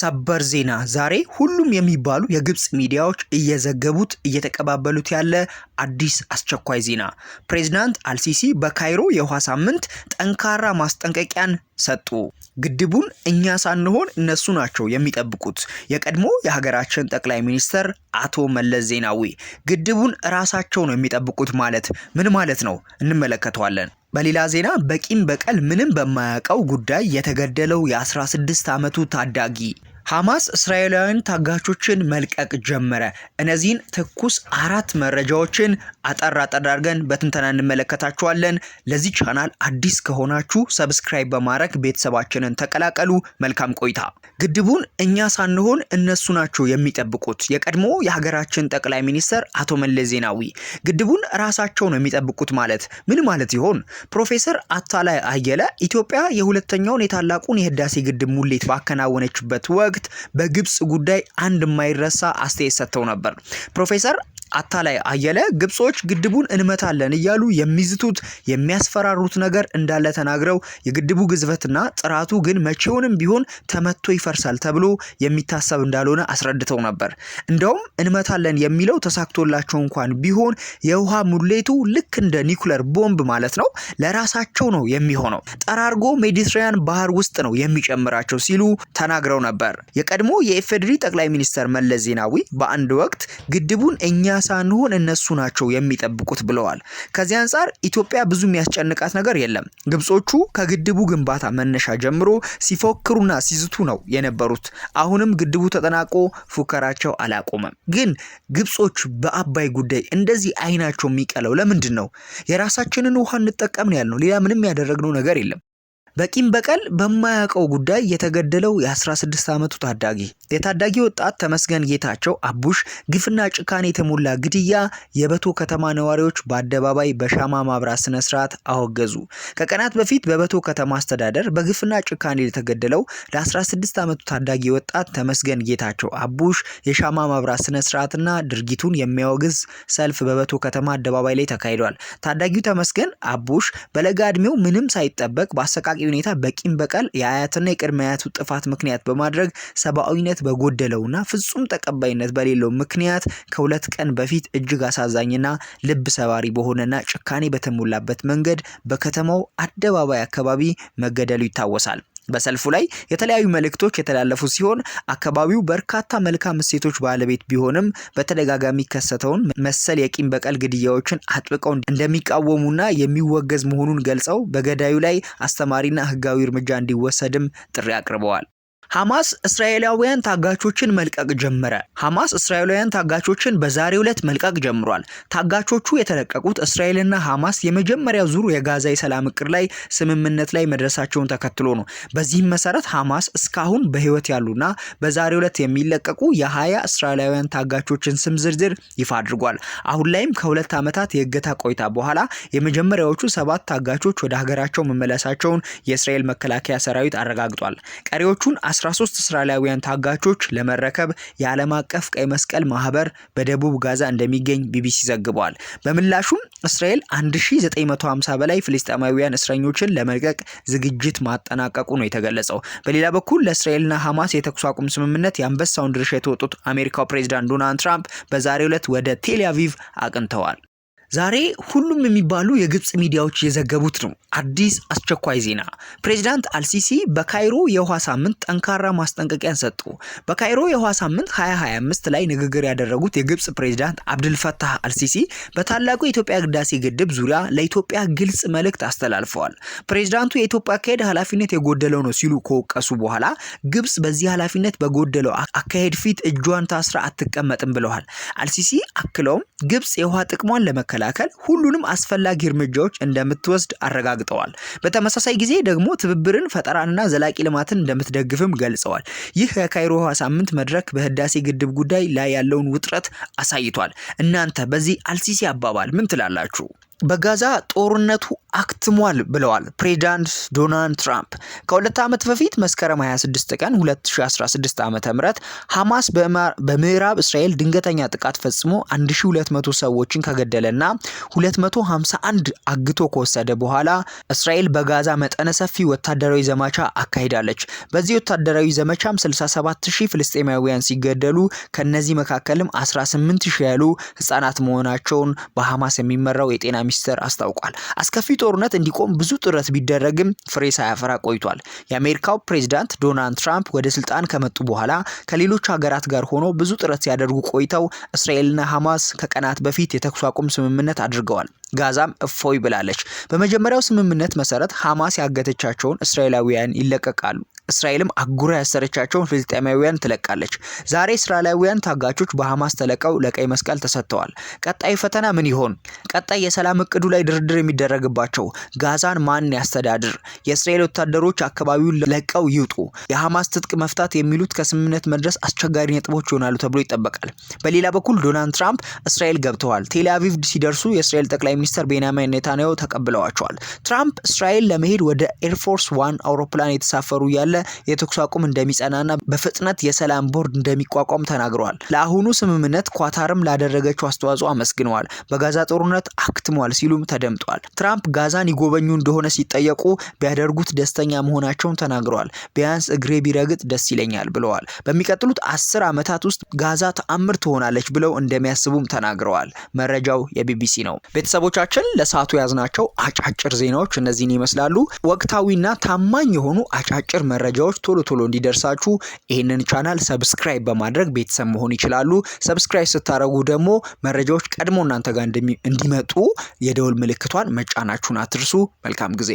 ሰበር ዜና ዛሬ ሁሉም የሚባሉ የግብፅ ሚዲያዎች እየዘገቡት እየተቀባበሉት ያለ አዲስ አስቸኳይ ዜና ፕሬዚዳንት አልሲሲ በካይሮ የውሃ ሳምንት ጠንካራ ማስጠንቀቂያን ሰጡ። ግድቡን እኛ ሳንሆን እነሱ ናቸው የሚጠብቁት። የቀድሞ የሀገራችን ጠቅላይ ሚኒስተር አቶ መለስ ዜናዊ ግድቡን እራሳቸው ነው የሚጠብቁት ማለት ምን ማለት ነው? እንመለከተዋለን። በሌላ ዜና በቂም በቀል ምንም በማያውቀው ጉዳይ የተገደለው የ16 ዓመቱ ታዳጊ ሐማስ እስራኤላውያን ታጋቾችን መልቀቅ ጀመረ። እነዚህን ትኩስ አራት መረጃዎችን አጠር አጠር አድርገን በትንተና እንመለከታችኋለን። ለዚህ ቻናል አዲስ ከሆናችሁ ሰብስክራይብ በማድረግ ቤተሰባችንን ተቀላቀሉ። መልካም ቆይታ። ግድቡን እኛ ሳንሆን እነሱ ናቸው የሚጠብቁት። የቀድሞ የሀገራችን ጠቅላይ ሚኒስትር አቶ መለስ ዜናዊ ግድቡን ራሳቸው ነው የሚጠብቁት ማለት ምን ማለት ይሆን? ፕሮፌሰር አታላይ አየለ ኢትዮጵያ የሁለተኛውን የታላቁን የህዳሴ ግድብ ሙሌት ባከናወነችበት ወቅት ወቅት በግብፅ ጉዳይ አንድ የማይረሳ አስተያየት ሰጥተው ነበር። ፕሮፌሰር አታላይ አየለ ግብጾች ግድቡን እንመታለን እያሉ የሚዝቱት የሚያስፈራሩት ነገር እንዳለ ተናግረው የግድቡ ግዝበትና ጥራቱ ግን መቼውንም ቢሆን ተመቶ ይፈርሳል ተብሎ የሚታሰብ እንዳልሆነ አስረድተው ነበር። እንደውም እንመታለን የሚለው ተሳክቶላቸው እንኳን ቢሆን የውሃ ሙሌቱ ልክ እንደ ኒኩለር ቦምብ ማለት ነው ለራሳቸው ነው የሚሆነው። ጠራርጎ ሜዲትራኒያን ባህር ውስጥ ነው የሚጨምራቸው ሲሉ ተናግረው ነበር። የቀድሞ የኢፌዴሪ ጠቅላይ ሚኒስተር መለስ ዜናዊ በአንድ ወቅት ግድቡን እኛ ሳንሆን እነሱ ናቸው የሚጠብቁት ብለዋል። ከዚህ አንጻር ኢትዮጵያ ብዙ የሚያስጨንቃት ነገር የለም። ግብጾቹ ከግድቡ ግንባታ መነሻ ጀምሮ ሲፎክሩና ሲዝቱ ነው የነበሩት። አሁንም ግድቡ ተጠናቆ ፉከራቸው አላቆመም። ግን ግብጾች በአባይ ጉዳይ እንደዚህ አይናቸው የሚቀለው ለምንድን ነው? የራሳችንን ውሃ እንጠቀም ነው ያልነው። ሌላ ምንም ያደረግነው ነገር የለም። በቂም በቀል በማያውቀው ጉዳይ የተገደለው የ16 ዓመቱ ታዳጊ የታዳጊ ወጣት ተመስገን ጌታቸው አቡሽ ግፍና ጭካኔ የተሞላ ግድያ የበቶ ከተማ ነዋሪዎች በአደባባይ በሻማ ማብራት ስነ ስርዓት አወገዙ። ከቀናት በፊት በበቶ ከተማ አስተዳደር በግፍና ጭካኔ የተገደለው ለ16 ዓመቱ ታዳጊ ወጣት ተመስገን ጌታቸው አቡሽ የሻማ ማብራት ስነ ስርዓትና ድርጊቱን የሚያወግዝ ሰልፍ በበቶ ከተማ አደባባይ ላይ ተካሂዷል። ታዳጊው ተመስገን አቡሽ በለጋ ዕድሜው ምንም ሳይጠበቅ በአሰቃቂ ሁኔታ በቂም በቀል የአያትና የቅድመ አያቱ ጥፋት ምክንያት በማድረግ ሰብአዊነት በጎደለውና ፍጹም ተቀባይነት በሌለው ምክንያት ከሁለት ቀን በፊት እጅግ አሳዛኝና ልብ ሰባሪ በሆነና ጭካኔ በተሞላበት መንገድ በከተማው አደባባይ አካባቢ መገደሉ ይታወሳል። በሰልፉ ላይ የተለያዩ መልእክቶች የተላለፉ ሲሆን አካባቢው በርካታ መልካም እሴቶች ባለቤት ቢሆንም በተደጋጋሚ ከሰተውን መሰል የቂም በቀል ግድያዎችን አጥብቀው እንደሚቃወሙና የሚወገዝ መሆኑን ገልጸው በገዳዩ ላይ አስተማሪና ሕጋዊ እርምጃ እንዲወሰድም ጥሪ አቅርበዋል። ሐማስ እስራኤላውያን ታጋቾችን መልቀቅ ጀመረ። ሐማስ እስራኤላውያን ታጋቾችን በዛሬ ዕለት መልቀቅ ጀምሯል። ታጋቾቹ የተለቀቁት እስራኤልና ሐማስ የመጀመሪያ ዙር የጋዛ የሰላም እቅድ ላይ ስምምነት ላይ መድረሳቸውን ተከትሎ ነው። በዚህም መሰረት ሐማስ እስካሁን በህይወት ያሉና በዛሬ ዕለት የሚለቀቁ የሀያ እስራኤላውያን ታጋቾችን ስም ዝርዝር ይፋ አድርጓል። አሁን ላይም ከሁለት ዓመታት የእገታ ቆይታ በኋላ የመጀመሪያዎቹ ሰባት ታጋቾች ወደ ሀገራቸው መመለሳቸውን የእስራኤል መከላከያ ሰራዊት አረጋግጧል። ቀሪዎቹን 13 እስራኤላውያን ታጋቾች ለመረከብ የዓለም አቀፍ ቀይ መስቀል ማህበር በደቡብ ጋዛ እንደሚገኝ ቢቢሲ ዘግቧል። በምላሹም እስራኤል 1950 በላይ ፍልስጤማውያን እስረኞችን ለመልቀቅ ዝግጅት ማጠናቀቁ ነው የተገለጸው። በሌላ በኩል ለእስራኤልና ሐማስ የተኩስ አቁም ስምምነት የአንበሳውን ድርሻ የተወጡት አሜሪካው ፕሬዚዳንት ዶናልድ ትራምፕ በዛሬው ዕለት ወደ ቴል አቪቭ አቅንተዋል። ዛሬ ሁሉም የሚባሉ የግብፅ ሚዲያዎች የዘገቡት ነው። አዲስ አስቸኳይ ዜና። ፕሬዚዳንት አልሲሲ በካይሮ የውሃ ሳምንት ጠንካራ ማስጠንቀቂያን ሰጡ። በካይሮ የውሃ ሳምንት 2025 ላይ ንግግር ያደረጉት የግብፅ ፕሬዚዳንት አብድልፈታህ አልሲሲ በታላቁ የኢትዮጵያ ህዳሴ ግድብ ዙሪያ ለኢትዮጵያ ግልጽ መልእክት አስተላልፈዋል። ፕሬዚዳንቱ የኢትዮጵያ አካሄድ ኃላፊነት የጎደለው ነው ሲሉ ከወቀሱ በኋላ ግብፅ በዚህ ኃላፊነት በጎደለው አካሄድ ፊት እጇን ታስራ አትቀመጥም ብለዋል። አልሲሲ አክለውም ግብፅ የውሃ ጥቅሟን ለመከላከል ለመከላከል ሁሉንም አስፈላጊ እርምጃዎች እንደምትወስድ አረጋግጠዋል። በተመሳሳይ ጊዜ ደግሞ ትብብርን፣ ፈጠራንና ዘላቂ ልማትን እንደምትደግፍም ገልጸዋል። ይህ የካይሮ ውሃ ሳምንት መድረክ በህዳሴ ግድብ ጉዳይ ላይ ያለውን ውጥረት አሳይቷል። እናንተ በዚህ አልሲሲ አባባል ምን ትላላችሁ? በጋዛ ጦርነቱ አክትሟል ብለዋል ፕሬዚዳንት ዶናልድ ትራምፕ። ከሁለት ዓመት በፊት መስከረም 26 ቀን 2016 ዓ ም ሐማስ በምዕራብ እስራኤል ድንገተኛ ጥቃት ፈጽሞ 1200 ሰዎችን ከገደለና 251 አግቶ ከወሰደ በኋላ እስራኤል በጋዛ መጠነ ሰፊ ወታደራዊ ዘመቻ አካሂዳለች። በዚህ ወታደራዊ ዘመቻም 67000 ፍልስጤማውያን ሲገደሉ ከነዚህ መካከልም 18000 ያሉ ህጻናት መሆናቸውን በሐማስ የሚመራው የጤና ሚኒስቴር አስታውቋል። አስከፊ ጦርነት እንዲቆም ብዙ ጥረት ቢደረግም ፍሬ ሳያፈራ ቆይቷል። የአሜሪካው ፕሬዚዳንት ዶናልድ ትራምፕ ወደ ስልጣን ከመጡ በኋላ ከሌሎች ሀገራት ጋር ሆኖ ብዙ ጥረት ሲያደርጉ ቆይተው እስራኤልና ሐማስ ከቀናት በፊት የተኩስ አቁም ስምምነት አድርገዋል። ጋዛም እፎይ ብላለች። በመጀመሪያው ስምምነት መሰረት ሐማስ ያገተቻቸውን እስራኤላውያን ይለቀቃሉ። እስራኤልም አጉራ ያሰረቻቸውን ፍልስጤማውያን ትለቃለች። ዛሬ እስራኤላውያን ታጋቾች በሐማስ ተለቀው ለቀይ መስቀል ተሰጥተዋል። ቀጣይ ፈተና ምን ይሆን? ቀጣይ የሰላም እቅዱ ላይ ድርድር የሚደረግባቸው ጋዛን ማን ያስተዳድር? የእስራኤል ወታደሮች አካባቢውን ለቀው ይውጡ? የሐማስ ትጥቅ መፍታት የሚሉት ከስምምነት መድረስ አስቸጋሪ ነጥቦች ይሆናሉ ተብሎ ይጠበቃል። በሌላ በኩል ዶናልድ ትራምፕ እስራኤል ገብተዋል። ቴልአቪቭ ሲደርሱ የእስራኤል ጠቅላይ ሚኒስትር ቤንያሚን ኔታንያሁ ተቀብለዋቸዋል። ትራምፕ እስራኤል ለመሄድ ወደ ኤርፎርስ ዋን አውሮፕላን የተሳፈሩ ያለ እንዳለ የተኩስ አቁም እንደሚጸናና በፍጥነት የሰላም ቦርድ እንደሚቋቋም ተናግረዋል። ለአሁኑ ስምምነት ኳታርም ላደረገችው አስተዋጽኦ አመስግነዋል። በጋዛ ጦርነት አክትሟል ሲሉም ተደምጧል። ትራምፕ ጋዛን ይጎበኙ እንደሆነ ሲጠየቁ ቢያደርጉት ደስተኛ መሆናቸውን ተናግረዋል። ቢያንስ እግሬ ቢረግጥ ደስ ይለኛል ብለዋል። በሚቀጥሉት አስር ዓመታት ውስጥ ጋዛ ተአምር ትሆናለች ብለው እንደሚያስቡም ተናግረዋል። መረጃው የቢቢሲ ነው። ቤተሰቦቻችን ለሰዓቱ የያዝናቸው አጫጭር ዜናዎች እነዚህን ይመስላሉ። ወቅታዊና ታማኝ የሆኑ አጫጭር መረ መረጃዎች ቶሎ ቶሎ እንዲደርሳችሁ ይህንን ቻናል ሰብስክራይብ በማድረግ ቤተሰብ መሆን ይችላሉ። ሰብስክራይብ ስታደረጉ ደግሞ መረጃዎች ቀድሞ እናንተ ጋር እንዲመጡ የደውል ምልክቷን መጫናችሁን አትርሱ። መልካም ጊዜ